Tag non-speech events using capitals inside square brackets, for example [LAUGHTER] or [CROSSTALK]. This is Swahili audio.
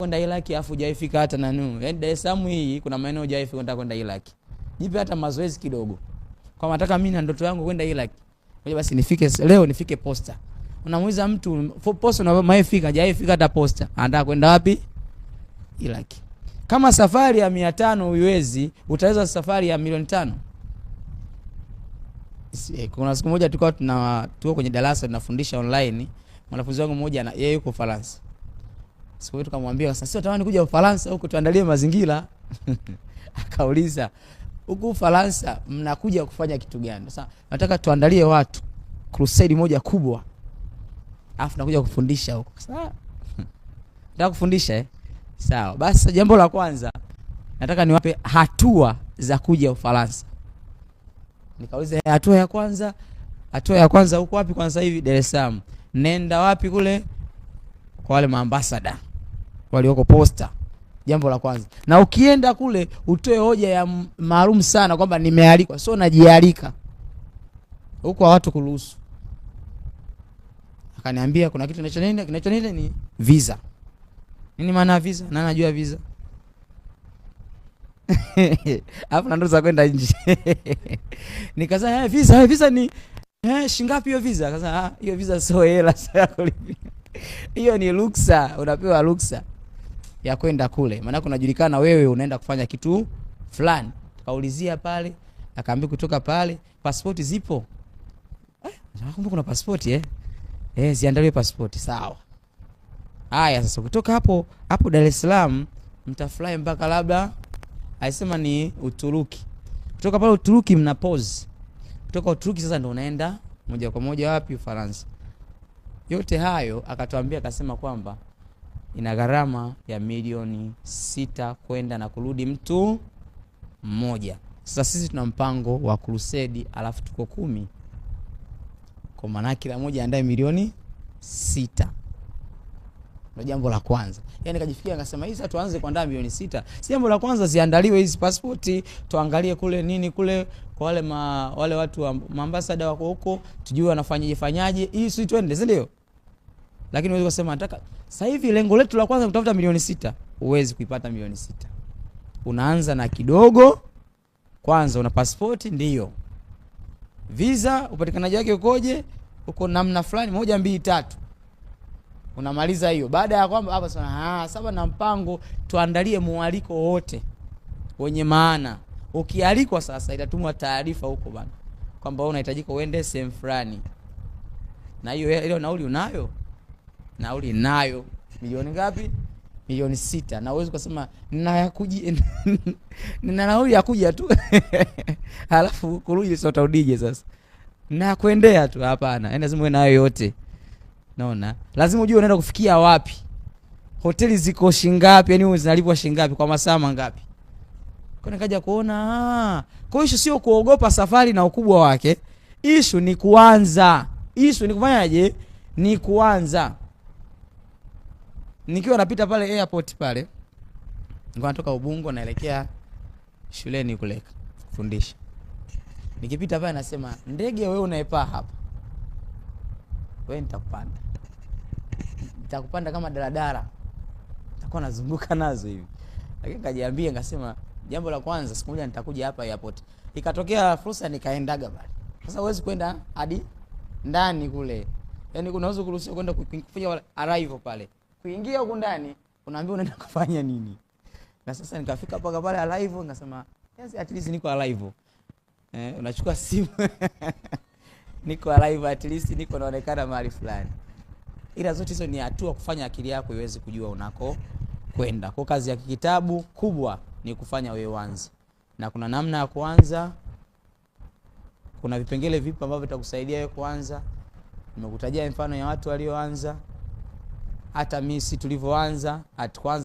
kwenda Iraki afu hujaifika hata nanu. Yaani Dar es Salaam hii kuna maeneo hujaifika kwenda kwenda Iraki. Jipe hata mazoezi kidogo. Kwa nataka mimi na ndoto yangu kwenda Iraki. Ngoja basi nifike leo nifike posta. Unamuuliza mtu posta na maifika hajaifika hata posta. Anataka kwenda wapi? Iraki. Kama safari ya 500 uiwezi, utaweza safari ya milioni tano? Eh, kuna siku moja tulikuwa tuna tuko kwenye darasa tunafundisha online, mwanafunzi wangu mmoja yeye yuko Faransa siku hiyo tukamwambia sasa, sio tamani kuja Ufaransa huko, tuandalie mazingira [LAUGHS] akauliza, huko Ufaransa mnakuja kufanya kitu gani? Sasa nataka tuandalie watu crusade moja kubwa, afu nakuja kufundisha huko. Sasa ah, hmm, nataka kufundisha eh? Sawa basi, jambo la kwanza nataka niwape hatua za kuja Ufaransa. Nikauliza eh, hatua ya kwanza, hatua ya kwanza huko wapi? Kwanza hivi Dar es Salaam, nenda wapi kule kwa wale maambasada walioko posta, jambo la kwanza. Na ukienda kule utoe hoja ya maalum sana kwamba nimealikwa, sio najialika huko, watu kuruhusu. Akaniambia kuna kitu kinacho nini, kinacho nini ni visa. Nini maana ya visa? [LAUGHS] Na najua visa hapo na ndoza kwenda nje [LAUGHS] Nikaza hey, eh, visa hey, eh, visa ni eh, shingapi hiyo visa? Akasema ah, hiyo visa sio hela sasa kulipia [LAUGHS] hiyo ni ruksa, unapewa ruksa ya kwenda kule, maana kunajulikana wewe unaenda kufanya kitu fulani. Kaulizia pale, akaambia kutoka pale pasipoti zipo. Eh, ah, kumbe kuna pasipoti eh? Eh, ziandaliwe pasipoti, sawa. Haya sasa, kutoka hapo hapo Dar es Salaam mtafurahi mpaka labda aisema ni Uturuki. Kutoka pale Uturuki mna pause. Kutoka Uturuki sasa ndo unaenda moja kwa moja wapi? Ufaransa. Yote hayo akatuambia, akasema kwamba ina gharama ya milioni sita kwenda na kurudi mtu mmoja. Sasa sisi tuna mpango wa krusedi alafu tuko kumi, kwa maana kila mmoja andae milioni sita. Ndio jambo la kwanza. Yani kajifikia ngasema hizi tuanze kuandaa milioni sita. Si jambo la kwanza ziandaliwe hizi pasipoti, tuangalie kule nini kule kwa wale ma, wale watu wa ambasada wako huko, tujue wanafanyaje fanyaje. Hii si twende, si ndio? lakini unaweza kusema nataka sasa hivi lengo letu la kwanza kutafuta milioni sita. uwezi kuipata milioni sita, unaanza na kidogo kwanza. Una pasipoti? ndio Visa upatikanaji wake ukoje? Uko namna fulani, moja mbili tatu, unamaliza hiyo. Baada ya kwamba hapa sana, ah, saba na mpango, tuandalie mwaliko wote wenye maana. Ukialikwa sasa, itatumwa taarifa huko bana, kwamba wewe unahitajika uende sehemu fulani, na hiyo ile nauli unayo nauli nayo milioni ngapi? Milioni sita. Na uwezi kusema nina ya kuji [LAUGHS] nauli ya kuja tu [LAUGHS] halafu kurudi sio utarudije sasa na kuendea tu, hapana. Yani lazima uwe nayo yote, naona lazima ujue unaenda kufikia wapi, hoteli ziko shingapi, yani zinalipwa shingapi kwa masaa mangapi. Kwa nikaja kuona ah, kwa hiyo sio kuogopa safari na ukubwa wake, ishu ni kuanza, ishu ni kufanyaje, ni kuanza nikiwa napita pale airport pale, nilikuwa natoka Ubungo naelekea shuleni kule kufundisha. Nikipita pale nasema, ndege wewe unaepaa hapa, wewe nitakupanda, nitakupanda kama daladala, nitakuwa nazunguka nazo hivi. Lakini kajiambia ngasema, jambo la kwanza, siku moja nitakuja hapa airport. Ikatokea fursa, nikaendaga pale. Sasa huwezi kwenda hadi ndani kule, yaani unaweza kuruhusiwa kwenda kufanya arrival pale kuingia huko ndani unaambiwa unaenda kufanya nini. Na sasa nikafika mpaka pale alive, nikasema yes, at least niko alive. Eh, unachukua simu [LAUGHS] niko alive, at least niko naonekana mahali fulani. Ila zote hizo ni hatua kufanya akili yako iweze kujua unako kwenda. Kwa kazi ya kitabu kubwa ni kufanya wewe uanze, na kuna namna ya kuanza, kuna vipengele vipi ambavyo vitakusaidia wewe kuanza. Nimekutajia mfano ya watu walioanza hata misi tulivyoanza hatukuanza